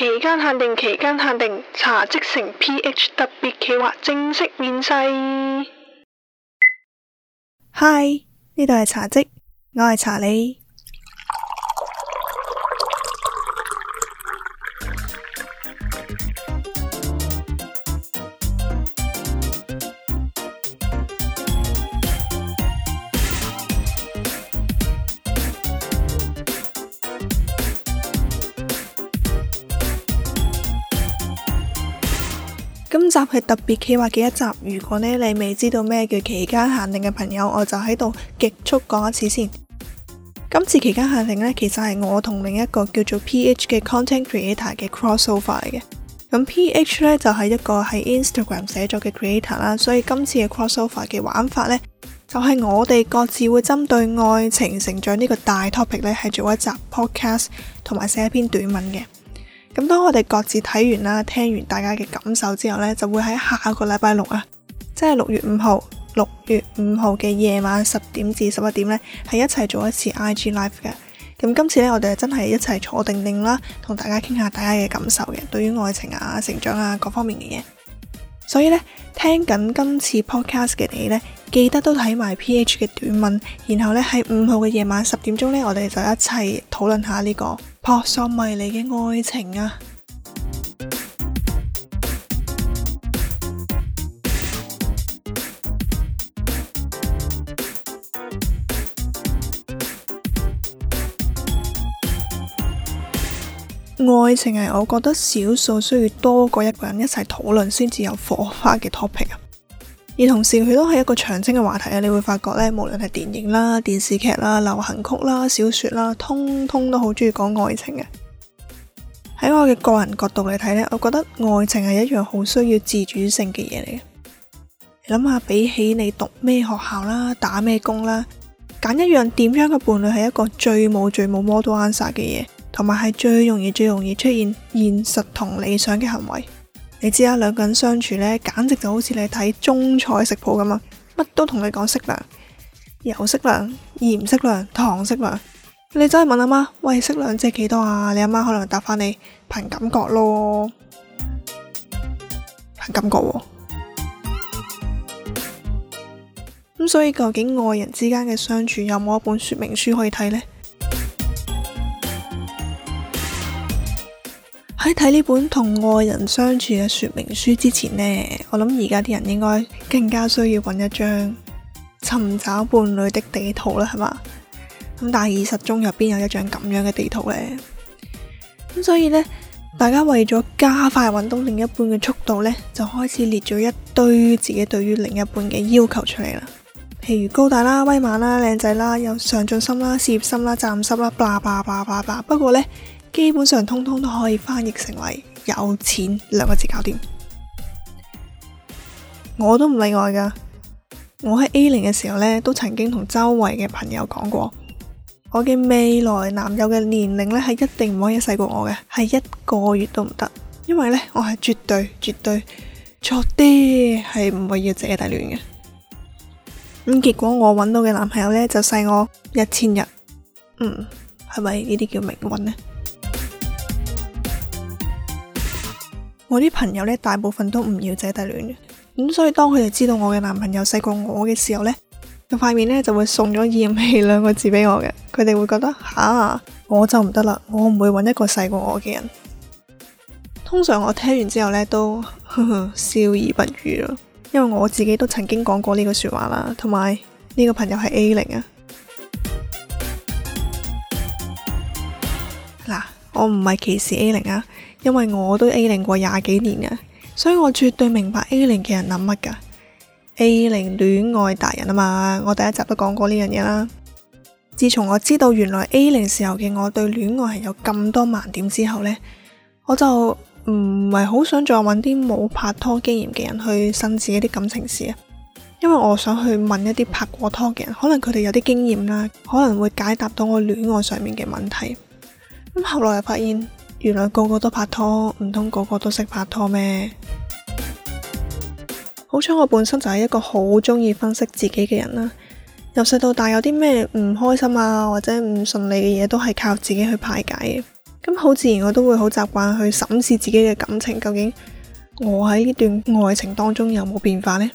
期間限定，期間限定，茶即成 PH 特別企劃正式面世。嗨，呢度係茶即，我係茶你。今集係特別企劃嘅一集，如果呢，你未知道咩叫期間限定嘅朋友，我就喺度極速講一次先。今次期間限定呢，其實係我同另一個叫做 PH 嘅 content creator 嘅 crossover 嚟嘅。咁 PH 呢，就係一個喺 Instagram 寫作嘅 creator 啦，所以今次嘅 crossover 嘅玩法呢，就係我哋各自會針對愛情成長呢個大 topic 呢，係做一集 podcast 同埋寫一篇短文嘅。咁當我哋各自睇完啦，聽完大家嘅感受之後呢，就會喺下個禮拜六啊，即係六月五號，六月五號嘅夜晚十點至十一點呢，係一齊做一次 IG Live 嘅。咁今次呢，我哋真係一齊坐定定啦，同大家傾下大家嘅感受嘅，對於愛情啊、成長啊各方面嘅嘢。所以呢，聽緊今次 podcast 嘅你呢，記得都睇埋 PH 嘅短文，然後呢，喺五號嘅夜晚十點鐘呢，我哋就一齊討論下呢個撲朔迷離嘅愛情啊！愛情係我覺得少數需要多過一個人一齊討論先至有火花嘅 topic，而同時佢都係一個長青嘅話題啊。你會發覺咧，無論係電影啦、電視劇啦、流行曲啦、小說啦，通通都好中意講愛情嘅。喺我嘅個人角度嚟睇咧，我覺得愛情係一樣好需要自主性嘅嘢嚟嘅。諗下比起你讀咩學校啦、打咩工啦、揀一樣點樣嘅伴侶，係一個最冇最冇 model answer 嘅嘢。同埋係最容易、最容易出現現實同理想嘅行為。你知啦、啊，兩個人相處呢，簡直就好似你睇中菜食譜咁啊，乜都同你講適量、油適量、鹽適量、糖適量。你再問阿媽，喂，適量即係幾多啊？你阿媽可能答翻你憑感覺咯，憑感覺。咁所以，究竟愛人之間嘅相處有冇一本說明書可以睇呢？喺睇呢本同愛人相處嘅說明書之前呢，我諗而家啲人應該更加需要揾一張尋找伴侶的地圖啦，係嘛？咁但係現實中入邊有一張咁樣嘅地圖呢？咁所以呢，大家為咗加快揾到另一半嘅速度呢，就開始列咗一堆自己對於另一半嘅要求出嚟啦，譬如高大啦、威猛啦、靚仔啦、有上進心啦、事業心啦、責任心啦，blah blah blah blah blah。不過呢。基本上通通都可以翻譯成為有錢兩個字搞掂，我都唔例外噶。我喺 A0 嘅時候呢，都曾經同周圍嘅朋友講過，我嘅未來男友嘅年齡呢，係一定唔可以細過我嘅，係一個月都唔得，因為呢，我係絕對絕對坐啲，係唔會要姐弟戀嘅。咁、嗯、結果我揾到嘅男朋友呢，就細我一千日，嗯，係咪呢啲叫命運呢？我啲朋友咧，大部分都唔要姐弟戀嘅，咁所以當佢哋知道我嘅男朋友細過我嘅時候呢，佢塊面呢，就會送咗厭氣兩個字俾我嘅。佢哋會覺得吓、啊，我就唔得啦，我唔會搵一個細過我嘅人。通常我聽完之後呢，都呵呵笑而不語咯，因為我自己都曾經講過呢個說話啦，同埋呢個朋友係 A 零啊，嗱，我唔係歧視 A 零啊。因為我都 A 零過廿幾年啊，所以我絕對明白 A 零嘅人諗乜噶。A 零戀愛達人啊嘛，我第一集都講過呢樣嘢啦。自從我知道原來 A 零時候嘅我對戀愛係有咁多盲點之後呢，我就唔係好想再搵啲冇拍拖經驗嘅人去申自己啲感情事啊。因為我想去問一啲拍過拖嘅人，可能佢哋有啲經驗啦，可能會解答到我戀愛上面嘅問題。咁後來又發現。原來個個都拍拖，唔通個個都識拍拖咩？好彩我本身就係一個好鍾意分析自己嘅人啦，由細到大有啲咩唔開心啊，或者唔順利嘅嘢，都係靠自己去排解嘅。咁好自然，我都會好習慣去審視自己嘅感情，究竟我喺呢段愛情當中有冇變化呢？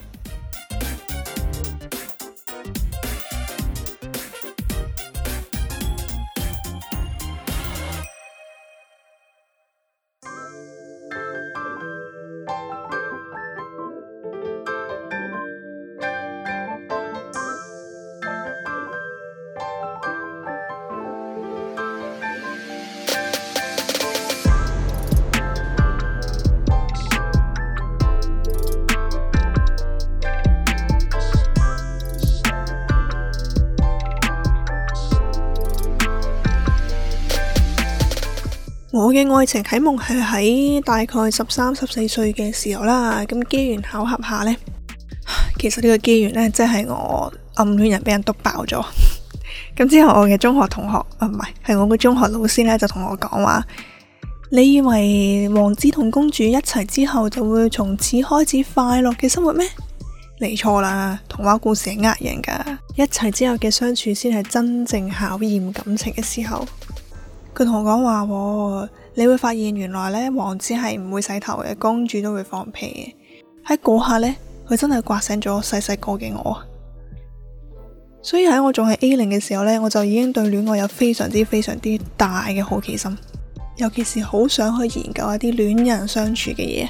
嘅愛情啟蒙係喺大概十三、十四歲嘅時候啦，咁機緣巧合下呢，其實呢個機緣呢，即係我暗戀人俾人篤爆咗，咁 之後我嘅中學同學啊，唔係，係我嘅中學老師呢，就同我講話：你以為王子同公主一齊之後就會從此開始快樂嘅生活咩？你錯啦，童話故事係呃人噶，一齊之後嘅相處先係真正考驗感情嘅時候。佢同我講話，哦，你會發現原來呢王子係唔會洗頭嘅，公主都會放屁嘅。喺嗰下呢，佢真係刮醒咗細細個嘅我。所以喺我仲係 A 零嘅時候呢，我就已經對戀愛有非常之非常之大嘅好奇心，尤其是好想去研究一啲戀人相處嘅嘢。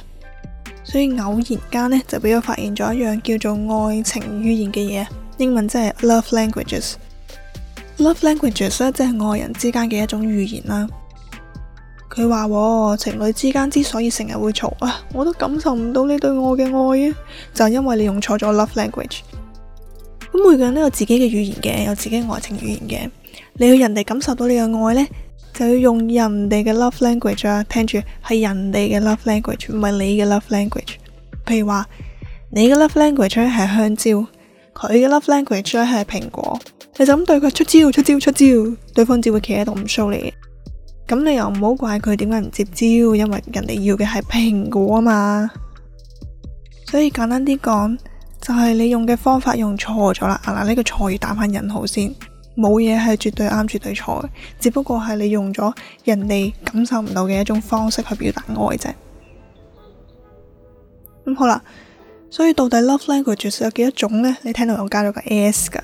所以偶然間呢，就俾我發現咗一樣叫做愛情語言嘅嘢，英文真係 Love Languages。Love languages 即係愛人之間嘅一種語言啦。佢話喎，情侶之間之所以成日會嘈啊，我都感受唔到你對我嘅愛啊，就係因為你用錯咗 love language。咁每個人都有自己嘅語言嘅，有自己嘅愛情語言嘅。你要人哋感受到你嘅愛呢，就要用人哋嘅 love language 啊。聽住係人哋嘅 love language，唔係你嘅 love language。譬如話你嘅 love language 係香蕉，佢嘅 love language 係蘋果。你就咁對佢出招、出招、出招，對方只會企喺度唔收你。咁你又唔好怪佢點解唔接招，因為人哋要嘅係蘋果啊嘛。所以簡單啲講，就係、是、你用嘅方法用錯咗啦。嗱、啊，呢、這個錯要打返引號先，冇嘢係絕對啱絕對錯嘅，只不過係你用咗人哋感受唔到嘅一種方式去表達愛啫。咁、嗯、好啦，所以到底 love languages 有幾多種咧？你聽到我加咗個 s 噶。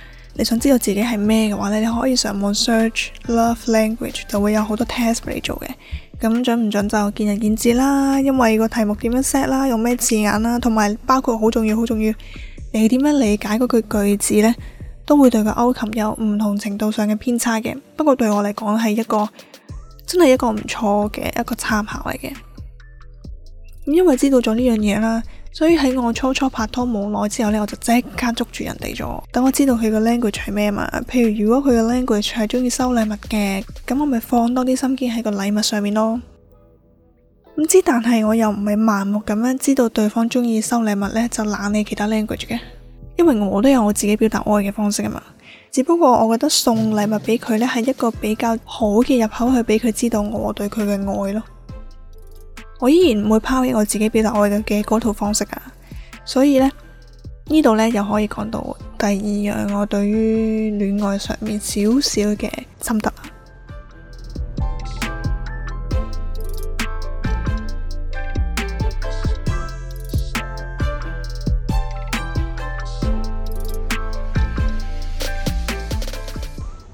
你想知道自己係咩嘅話呢，你可以上網 search love language，就會有好多 test 俾你做嘅。咁準唔準就見仁見智啦，因為個題目點樣 set 啦，用咩字眼啦，同埋包括好重要好重要，你點樣理解嗰句句子呢，都會對個結果有唔同程度上嘅偏差嘅。不過對我嚟講係一個真係一個唔錯嘅一個參考嚟嘅。因為知道咗呢樣嘢啦。所以喺我初初拍拖冇耐之後呢，我就即刻捉住人哋咗。等我知道佢個 language 係咩嘛，譬如如果佢個 language 係中意收禮物嘅，咁我咪放多啲心機喺個禮物上面咯。唔知但係我又唔係盲目咁樣知道對方中意收禮物呢，就懶理其他 language 嘅，因為我都有我自己表達愛嘅方式啊嘛。只不過我覺得送禮物俾佢呢，係一個比較好嘅入口去俾佢知道我對佢嘅愛咯。我依然唔會拋棄我自己表達愛嘅嘅嗰套方式噶，所以咧，呢度，咧又可以講到第二樣我對於戀愛上面少少嘅心得。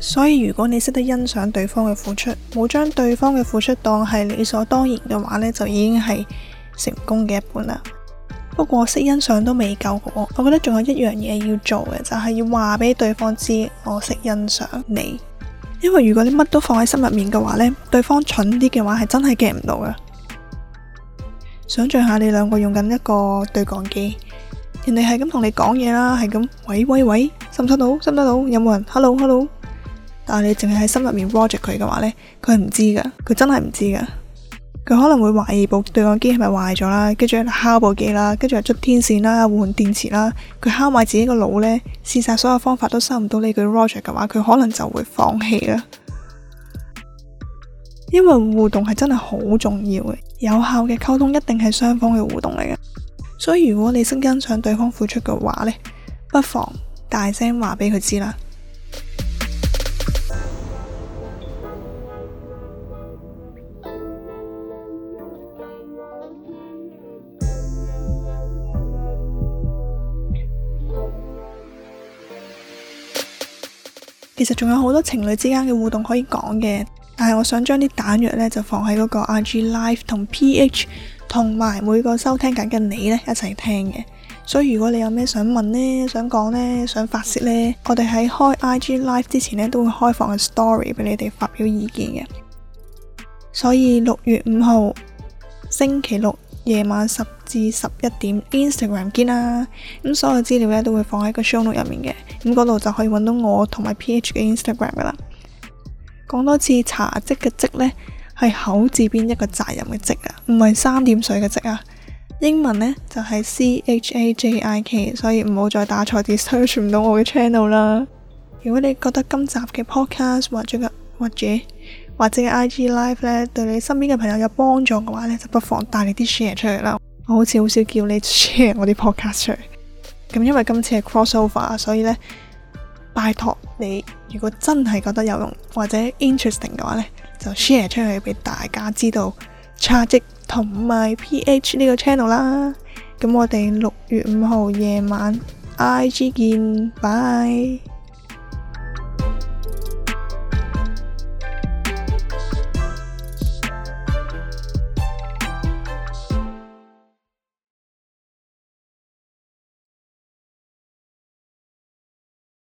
所以如果你識得欣賞對方嘅付出，冇將對方嘅付出當係理所當然嘅話呢，就已經係成功嘅一半啦。不過識欣賞都未夠嘅，我覺得仲有一樣嘢要做嘅，就係、是、要話俾對方知我識欣賞你。因為如果你乜都放喺心入面嘅話呢，對方蠢啲嘅話係真係 get 唔到嘅。想象下你兩個用緊一個對講機，人哋係咁同你講嘢啦，係咁喂喂喂，收唔收到？收唔收到？有冇人？Hello，Hello。Hello, hello. 但你淨係喺心入面 Roger 佢嘅話呢，佢係唔知噶，佢真係唔知噶。佢可能會懷疑部對講機係咪壞咗啦，跟住敲部機啦，跟住又捽天線啦，換電池啦。佢敲埋自己個腦呢，試晒所有方法都收唔到呢句 Roger 嘅話，佢可能就會放棄啦。因為互動係真係好重要嘅，有效嘅溝通一定係雙方嘅互動嚟嘅。所以如果你識欣賞對方付出嘅話呢，不妨大聲話俾佢知啦。其實仲有好多情侶之間嘅互動可以講嘅，但係我想將啲彈藥呢，就放喺嗰個 IG Live 同 PH 同埋每個收聽緊嘅你呢一齊聽嘅。所以如果你有咩想問呢、想講呢、想發泄呢，我哋喺開 IG Live 之前呢，都會開放個 Story 俾你哋發表意見嘅。所以六月五號星期六夜晚十至十一點 Instagram 見啦。咁所有資料呢，都會放喺個 Show Note 入面嘅。咁嗰度就可以揾到我同埋 PH 嘅 Instagram 噶啦。講多次，茶即嘅即呢，係口字邊一個責任嘅即啊，唔係三點水嘅即啊。英文呢，就係、是、C H A J I K，所以唔好再打錯字，搜唔到我嘅 channel 啦。如果你覺得今集嘅 podcast 或者嘅或者或者嘅 IG live 呢，對你身邊嘅朋友有幫助嘅話呢，就不妨帶你啲 share 出嚟啦。我好似好少叫你 share 我啲 podcast 出嚟。咁因為今次係 crossover，所以咧，拜託你如果真係覺得有用或者 interesting 嘅話咧，就 share 出去俾大家知道，查職同埋 PH 呢個 channel 啦。咁我哋六月五號夜晚 IG 見，拜拜。